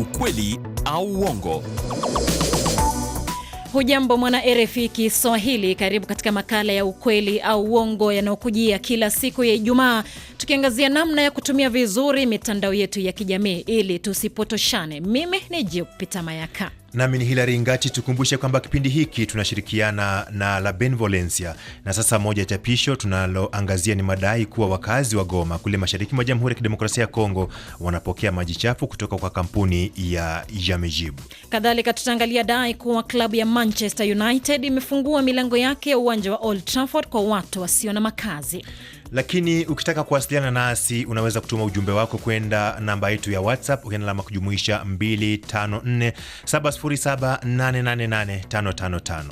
Ukweli au uongo. Hujambo mwana RFI Kiswahili, karibu katika makala ya ukweli au uongo yanayokujia kila siku ya Ijumaa tukiangazia namna ya kutumia vizuri mitandao yetu ya kijamii ili tusipotoshane. Mimi ni Jupita Mayaka nami ni Hilari Ngati. Tukumbushe kwamba kipindi hiki tunashirikiana na La Benevolencia, na sasa moja ya chapisho tunaloangazia ni madai kuwa wakazi wa Goma kule mashariki mwa Jamhuri ya Kidemokrasia ya Kongo wanapokea maji chafu kutoka kwa kampuni ya Yamejibu. Kadhalika tutaangalia dai kuwa klabu ya Manchester United imefungua milango yake ya uwanja wa Old Trafford kwa watu wasio na makazi. Lakini ukitaka kuwasiliana nasi unaweza kutuma ujumbe wako kwenda namba yetu ya WhatsApp ukienda alama kujumuisha 254 707 888 555.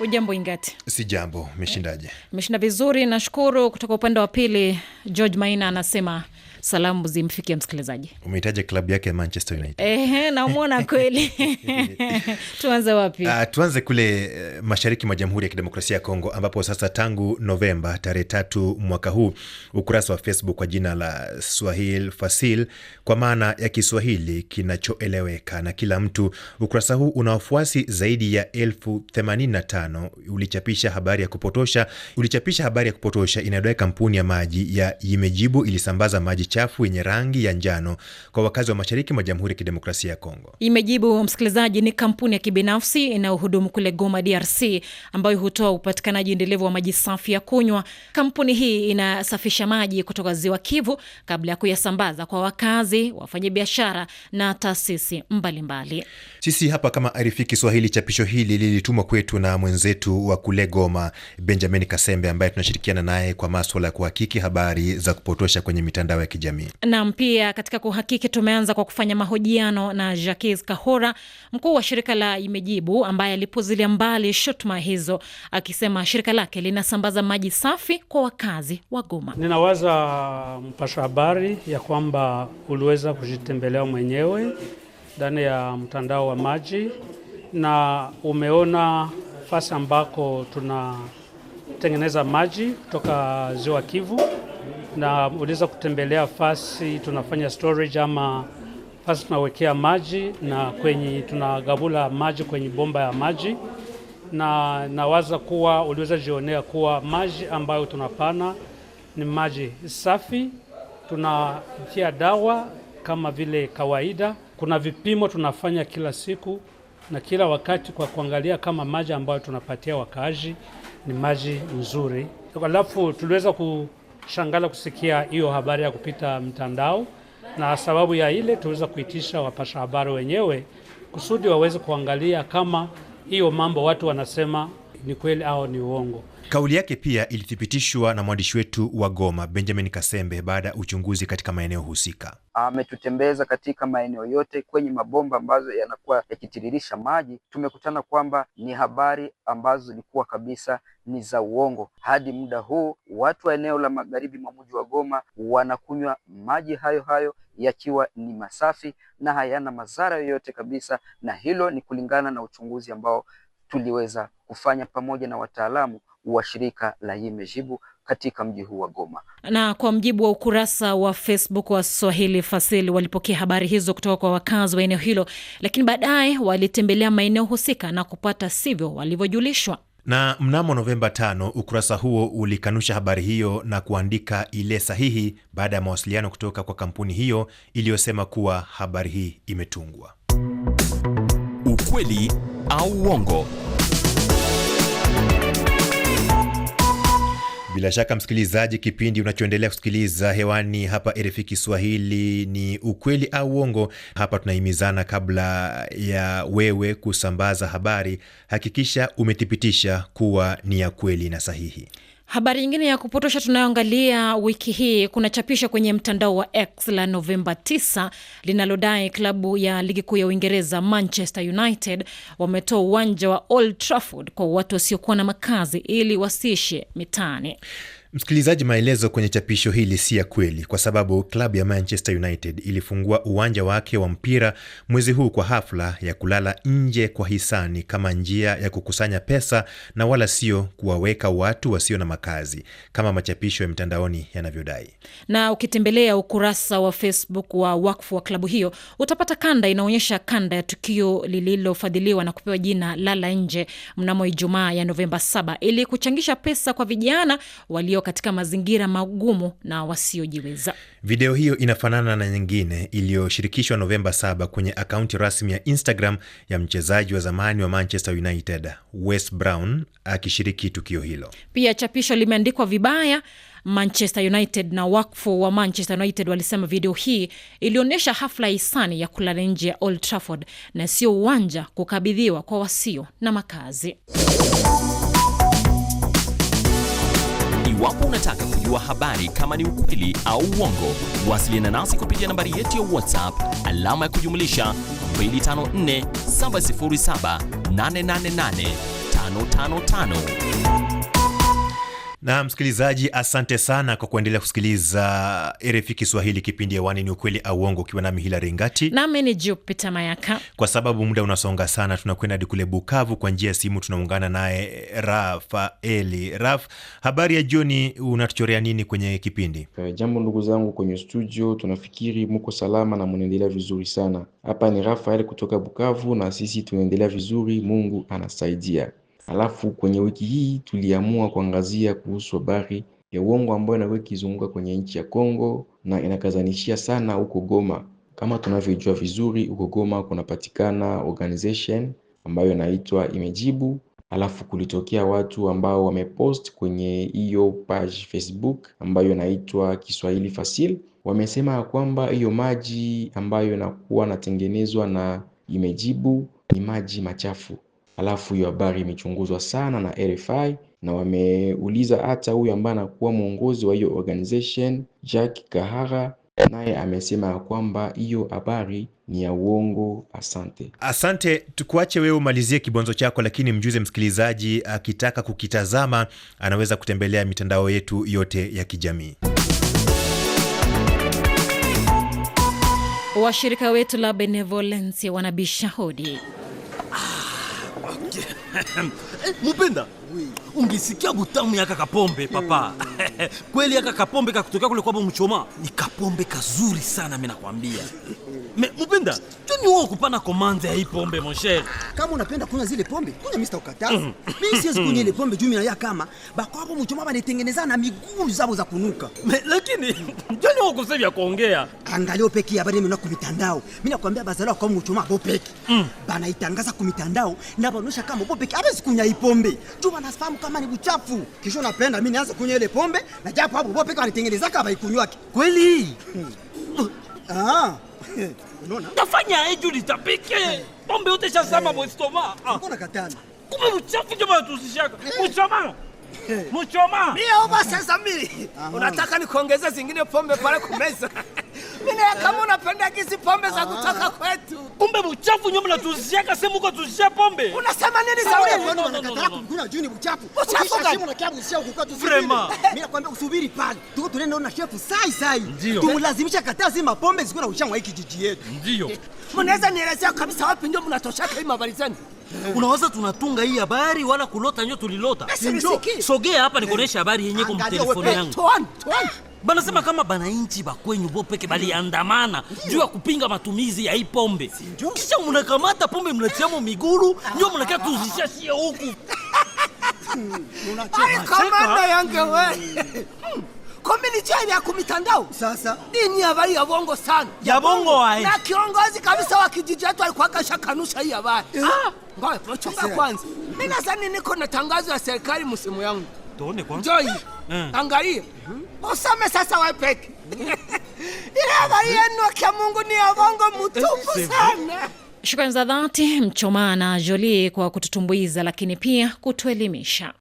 Ujambo Ingati? Si jambo. meshindaje? Meshinda vizuri, nashukuru. Kutoka upande wa pili, George Maina anasema salamu zimfikie msikilizaji. umehitaji klabu yake ya Manchester United. namwona kweli. Tuanze wapi? Uh, tuanze kule eh, mashariki mwa Jamhuri ya Kidemokrasia ya Kongo ambapo sasa tangu Novemba tarehe tatu mwaka huu ukurasa wa Facebook kwa jina la Swahil Fasil kwa maana ya Kiswahili kinachoeleweka na kila mtu. Ukurasa huu una wafuasi zaidi ya elfu themanini tano ulichapisha habari ya kupotosha ulichapisha habari ya kupotosha inayodai kampuni ya maji ya Yimejibu ilisambaza maji chafu yenye rangi ya njano kwa wakazi wa mashariki mwa Jamhuri ya Kidemokrasia ya Kongo. Imejibu msikilizaji, ni kampuni ya kibinafsi inayohudumu kule Goma, DRC, ambayo hutoa upatikanaji endelevu wa maji safi ya kunywa. Kampuni hii inasafisha maji kutoka ziwa Kivu kabla ya kuyasambaza kwa wakazi, wafanyabiashara na taasisi mbalimbali. Sisi hapa kama arifi Kiswahili, chapisho hili lilitumwa kwetu na mwenzetu wa kule Goma, Benjamin Kasembe, ambaye tunashirikiana naye kwa maswala ya kuhakiki habari za kupotosha kwenye mitandao ya kijamii kijamii. Naam, pia katika kuhakiki tumeanza kwa kufanya mahojiano na Jacques Kahora, mkuu wa shirika la Imejibu, ambaye alipuzilia mbali shutuma hizo, akisema shirika lake linasambaza maji safi kwa wakazi wa Goma. Ninawaza mpasha habari ya kwamba uliweza kujitembelea mwenyewe ndani ya mtandao wa maji na umeona fasi ambako tunatengeneza maji kutoka ziwa Kivu na unaweza kutembelea fasi tunafanya storage ama fasi tunawekea maji na kwenye tunagabula maji kwenye bomba ya maji, na nawaza kuwa uliweza jionea kuwa maji ambayo tunapana ni maji safi, tunatia dawa kama vile kawaida. Kuna vipimo tunafanya kila siku na kila wakati kwa kuangalia kama maji ambayo tunapatia wakaaji ni maji nzuri. Alafu tuliweza ku Shangala kusikia hiyo habari ya kupita mtandao, na sababu ya ile tuweza kuitisha wapasha habari wenyewe kusudi waweze kuangalia kama hiyo mambo watu wanasema ni kweli au ni uongo. Kauli yake pia ilithibitishwa na mwandishi wetu wa Goma Benjamin Kasembe baada ya uchunguzi katika maeneo husika. Ametutembeza katika maeneo yote kwenye mabomba ambazo yanakuwa yakitiririsha maji, tumekutana kwamba ni habari ambazo zilikuwa kabisa ni za uongo. Hadi muda huu watu wa eneo la magharibi mwa mji wa Goma wanakunywa maji hayo hayo yakiwa ni masafi na hayana madhara yoyote kabisa, na hilo ni kulingana na uchunguzi ambao tuliweza kufanya pamoja na wataalamu wa shirika la Yimejibu katika mji huu wa Goma. Na kwa mjibu wa ukurasa wa Facebook wa Swahili Fasili, walipokea habari hizo kutoka kwa wakazi wa eneo hilo, lakini baadaye walitembelea maeneo husika na kupata sivyo walivyojulishwa na mnamo Novemba tano ukurasa huo ulikanusha habari hiyo na kuandika ile sahihi baada ya mawasiliano kutoka kwa kampuni hiyo iliyosema kuwa habari hii imetungwa ukweli au uongo. Bila shaka msikilizaji, kipindi unachoendelea kusikiliza hewani hapa RFI Kiswahili ni ukweli au uongo. Hapa tunahimizana, kabla ya wewe kusambaza habari, hakikisha umethibitisha kuwa ni ya kweli na sahihi. Habari nyingine ya kupotosha tunayoangalia wiki hii, kuna chapisho kwenye mtandao wa X la Novemba 9 linalodai klabu ya ligi kuu ya Uingereza Manchester United wametoa uwanja wa Old Trafford kwa watu wasiokuwa na makazi ili wasiishe mitaani. Msikilizaji, maelezo kwenye chapisho hili si ya kweli, kwa sababu klabu ya Manchester United ilifungua uwanja wake wa mpira mwezi huu kwa hafla ya kulala nje kwa hisani kama njia ya kukusanya pesa na wala sio kuwaweka watu wasio na makazi kama machapisho ya mitandaoni yanavyodai. Na ukitembelea ukurasa wa Facebook wa wakfu wa klabu hiyo utapata kanda inaonyesha kanda ya tukio lililofadhiliwa na kupewa jina lala nje mnamo Ijumaa ya Novemba 7 ili kuchangisha pesa kwa vijana walio walio katika mazingira magumu na wasiojiweza. Video hiyo inafanana na nyingine iliyoshirikishwa Novemba 7 kwenye akaunti rasmi ya Instagram ya mchezaji wa zamani wa Manchester United Wes Brown akishiriki tukio hilo. Pia chapisho limeandikwa vibaya. Manchester United na wakfu wa Manchester United walisema video hii ilionyesha hafla hisani ya kulala nje ya Old Trafford na sio uwanja kukabidhiwa kwa wasio na makazi. Iwapo unataka kujua habari kama ni ukweli au uongo, wasiliana nasi kupitia nambari yetu ya WhatsApp alama ya kujumlisha 254 707 888 555. Na msikilizaji, asante sana kwa kuendelea kusikiliza RFI Kiswahili, kipindi hewani ni ukweli au uongo, ukiwa nami hila ringati nami ni Jupita Mayaka. Kwa sababu muda unasonga sana, tunakwenda hadi kule Bukavu. Kwa njia ya simu tunaungana naye Rafaeli. Raf, habari ya jioni, unatuchorea nini kwenye kipindi? Uh, jambo ndugu zangu kwenye studio, tunafikiri muko salama na munaendelea vizuri sana. Hapa ni Rafael kutoka Bukavu na sisi tunaendelea vizuri, Mungu anasaidia. Alafu kwenye wiki hii tuliamua kuangazia kuhusu habari ya uongo ambayo inakuwa ikizunguka kwenye nchi ya Kongo na inakazanishia sana huko Goma. Kama tunavyojua vizuri, huko Goma kunapatikana organization ambayo inaitwa Imejibu. Alafu kulitokea watu ambao wamepost kwenye hiyo page Facebook ambayo inaitwa Kiswahili Fasil. Wamesema ya kwamba hiyo maji ambayo inakuwa natengenezwa na Imejibu ni maji machafu. Alafu hiyo habari imechunguzwa sana na RFI na wameuliza hata huyu ambaye anakuwa mwongozi wa hiyo organization Jack Kahara naye amesema ya kwamba hiyo habari ni ya uongo. Asante, asante. Tukuache wewe umalizie kibonzo chako, lakini mjuze msikilizaji akitaka kukitazama anaweza kutembelea mitandao yetu yote ya kijamii. Washirika wetu la Benevolence wanabishahudi 哎，没笨的。ungisikia butamu ya kakapombe papa. Hmm. Kweli ya kakapombe kakutokea kule kwabo mchoma ni kapombe kazuri sana, mimi nakwambia. mupenda joni wao kupana komande ya hii pombe mon Kama unapenda kunywa zile pombe, kunywa mimi sitakukataza. Hmm. Mimi siwezi kunywa ile pombe juu mimi ya kama bakwabo mchoma banitengeneza na miguu zabo za kunuka. Me, lakini joni wao kusema ya kuongea. Angalia peki ya mimi na kumitandao. Mimi nakwambia bazalao kwa mchoma bo peki. Banaitangaza kumitandao na banaonyesha kama bo peki hawezi kunywa hii pombe. Juu wanafahamu kama ni uchafu. Kisho napenda mimi nianze kunywa ile pombe na japo hapo bope peke nitengeneza kama yake. Kweli? Hmm. Ah. Unaona? Tafanya eju litapike. Pombe yote shazama mwa eh. stoma. Mbona ah. katana? Kumbe uchafu ndio bado tusishaka. Eh. Eh. Uchoma. Mchoma. Mimi hapa sasa mimi. Unataka nikuongeze zingine pombe pale kumeza. Mimi kama unapenda hizi pombe za kutoka ah. kwetu. Kumbe mchafu nyuma tuzia kasi muko tuzia pombe. Unasema nini sasa wewe? Kwani wanakataa kumkuna juu ni mchafu. Mchafu kama unakaa msia huko kwetu. Frema. Mimi nakwambia usubiri pale. Tuko tunaenda na shefu sai sai. Tumlazimisha kataa zima pombe zikuna na uchamu hiki jiji yetu. Ndio. Mnaweza nielezea kabisa wapi ndio mnatoshaka hii habari zenu? Unawaza tunatunga hii habari wala kulota nyo tulilota. Sogea hapa nikuonesha habari yenyewe kwa telefoni yangu. Toan, toan banasema kama bananchi bakwenyu bo peke baliandamana juu ya kupinga matumizi ya hii pombe, kisha munakamata pombe mnatiamo miguru, ndio mnakaa tuzishashie huku. Hmm. Kamanda yange we hmm. kominijia ya kumitandao sasa dini habari ya bongo sana ya bongo wae, na kiongozi kabisa wa kijiji wetu alikuwa kashakanusha hii habari. Ah! Ngoja mchunga kwanza, mimi sasa niko na tangazo ya serikali msimu yangu tuone kwa Joy, mm. Eh. Angalia. Mm -hmm. Usome sasa wepeki. Ile habari eh. yenu kwa Mungu ni avongo mtupu eh, sana. Shukrani za dhati Mchomana Jolie kwa kututumbuiza lakini pia kutuelimisha.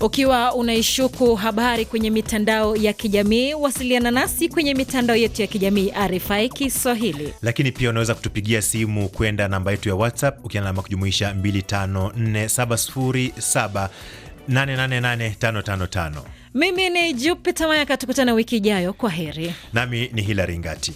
Ukiwa unaishuku habari kwenye mitandao ya kijamii, wasiliana nasi kwenye mitandao yetu ya kijamii RFI Kiswahili, lakini pia unaweza kutupigia simu kwenda namba yetu ya WhatsApp ukianza na kujumuisha 254707888555. Mimi ni Jupita Mayaka, tukutana wiki ijayo. Kwa heri. Nami ni Hilari Ngati.